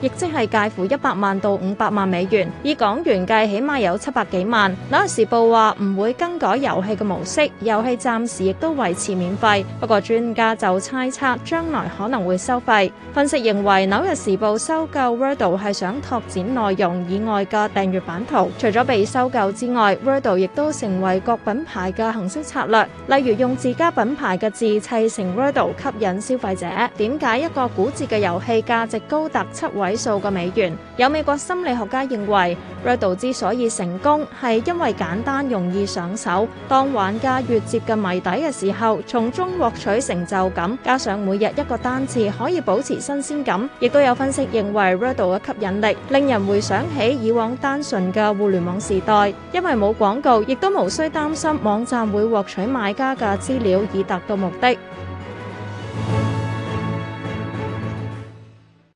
亦即係介乎一百萬到五百萬美元，以港元計起碼有七百幾萬。《紐約時報》話唔會更改遊戲嘅模式，遊戲暫時亦都維持免費。不過專家就猜測將來可能會收費。分析認為，《紐約時報》收購 Wordle 係想拓展內容以外嘅訂閱版圖。除咗被收購之外，Wordle 亦都成為各品牌嘅行銷策略，例如用自家品牌嘅字砌成 Wordle 吸引消費者。點解一個古字嘅遊戲價值高達？七位數個美元，有美國心理學家認為，Wordle 之所以成功，係因為簡單容易上手。當玩家越接近謎底嘅時候，從中獲取成就感，加上每日一個單詞可以保持新鮮感。亦都有分析認為，Wordle 嘅吸引力令人回想起以往單純嘅互聯網時代，因為冇廣告，亦都無需擔心網站會獲取買家嘅資料以達到目的。